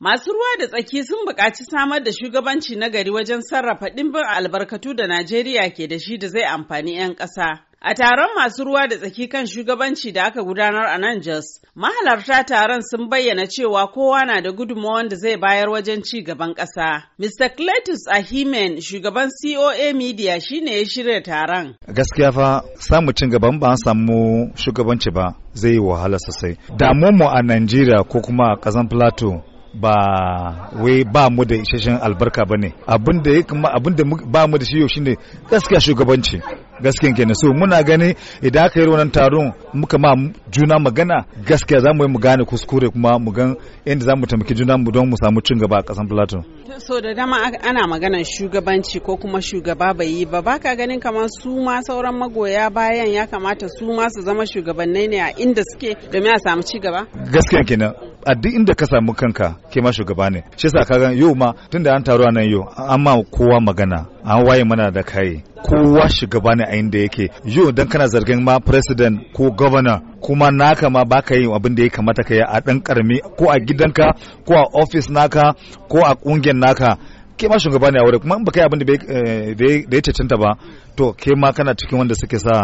Masu ruwa da tsaki sun buƙaci samar da shugabanci na gari wajen sarrafa ɗimbin albarkatu da Najeriya ke da shi da zai amfani 'yan ƙasa. A taron masu ruwa da tsaki kan shugabanci da aka gudanar a nan Jos, mahalarta taron sun bayyana cewa kowa na da gudunmawar da zai bayar wajen ci gaban ƙasa. Mr. Cletus Ahimen, shugaban COA Media shi ne ya shirya taron. Gaskiya fa samu cin gaban ba an samu shugabanci ba zai yi wahala sosai. Damuwar mu a Najeriya ko kuma a ƙasan Plateau ba wai ba mu da isasshen albarka ba ne kuma da ba mu da shi yau shine gaskiya shugabanci gaskiya ke so muna gani idan aka yi wannan taron muka ma juna magana gaskiya za mu yi mu gane kuskure kuma mu gan inda za mu taimaki juna mu don mu samu cin gaba a kasan plateau so da dama ana maganar shugabanci ko kuma shugaba bai yi ba baka ganin kamar su ma sauran magoya bayan ya kamata su ma su zama shugabannai ne a inda suke domin a samu ci gaba gaskiya kenan a duk inda ka samu kanka ke ma shugaba ne shi yasa kaga yau ma tunda an taru nan yau an ma kowa magana an waye mana da kai kowa shugaba ne a inda yake yau dan kana zargin ma president ko governor kuma naka ma baka yi abin da ya kamata ka yi a dan karami ko a gidanka ko a office naka ko a kungiyar naka ke ma shugaba ne a wurin kuma in baka yi abin da ya eh, cancanta ba to ke ma kana cikin wanda suke sa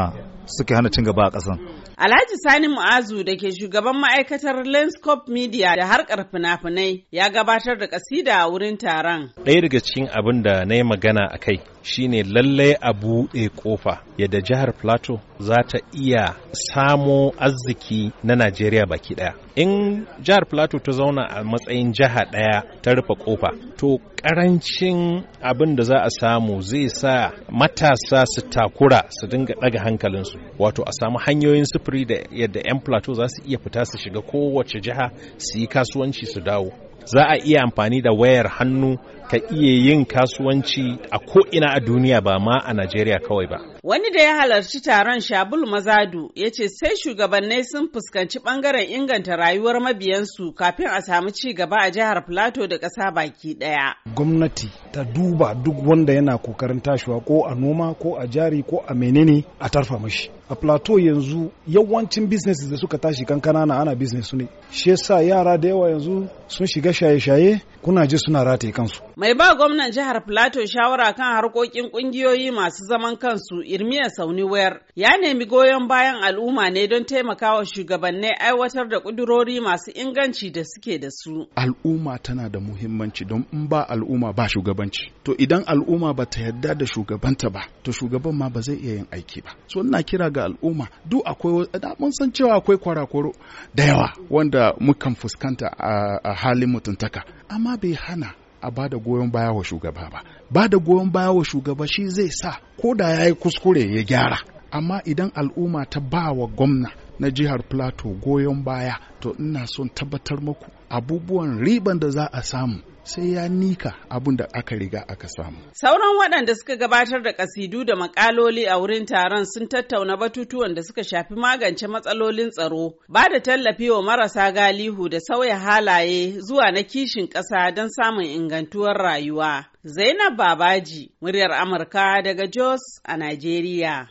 suke hana cin gaba a ƙasan. Alhaji Sani Mu'azu da ke shugaban ma'aikatar Lenscope Media da harkar fina-finai ya gabatar da kasida a wurin taron. Ɗaya daga cikin abin da na yi magana a kai shine lallai a buɗe ƙofa yadda jihar Plateau za ta iya samo arziki na Najeriya baki ɗaya. In jihar Plateau ta zauna a matsayin jiha ɗaya ta rufe ƙofa, to ƙarancin abin da za a samu zai sa matasa za su takura su dinga daga hankalinsu wato a samu hanyoyin sufuri da yadda 'yan plateau za su iya fita su shiga kowace jiha su yi kasuwanci su dawo za a iya amfani da wayar hannu ka iya yin kasuwanci a ko'ina a duniya ba ma a Najeriya kawai ba. Wani da ya halarci taron Shabul Mazadu ya ce sai shugabannai sun fuskanci bangaren inganta rayuwar mabiyansu kafin a samu ci gaba a jihar Plateau da ƙasa baki ɗaya. Gwamnati ta duba duk wanda yana kokarin tashiwa ko a noma ko a jari ko a menene a tarfa mashi. a plateau yanzu yawancin business da suka tashi kankana na ana business ne shi yasa yara da yawa yanzu sun shiga shaye-shaye kuna ji suna rataye kansu mai ba gwamnan jihar plateau shawara kan harkokin kungiyoyi masu zaman kansu irmiya sauni wayar ya nemi goyon bayan al'umma ne don taimakawa shugabannin aiwatar da kudurori masu inganci da suke da su al'umma tana da muhimmanci don in ba al'umma ba shugabanci to idan al'umma ba ta yarda da shugabanta ba to shugaban ma ba zai iya yin aiki ba so ina kira ga al'umma duk akwai mun san cewa akwai kwarakwaro da yawa wanda mukan fuskanta a halin mutuntaka amma bai hana a ba da goyon baya wa shugaba ba ba da goyon baya wa shugaba shi zai sa ko da ya yi kuskure ya gyara amma idan al'umma ta ba wa gwamna na jihar plateau goyon baya to ina son tabbatar muku abubuwan riban da za a samu sai ya nika abin da aka riga aka samu. Sauran waɗanda suka gabatar da ƙasidu da makaloli a wurin taron sun tattauna batutuwan da suka shafi magance matsalolin tsaro, ba da tallafi wa marasa galihu da sauya halaye zuwa na kishin ƙasa don samun ingantuwar rayuwa. Zainab Babaji, muryar Amurka daga Jos a Najeriya.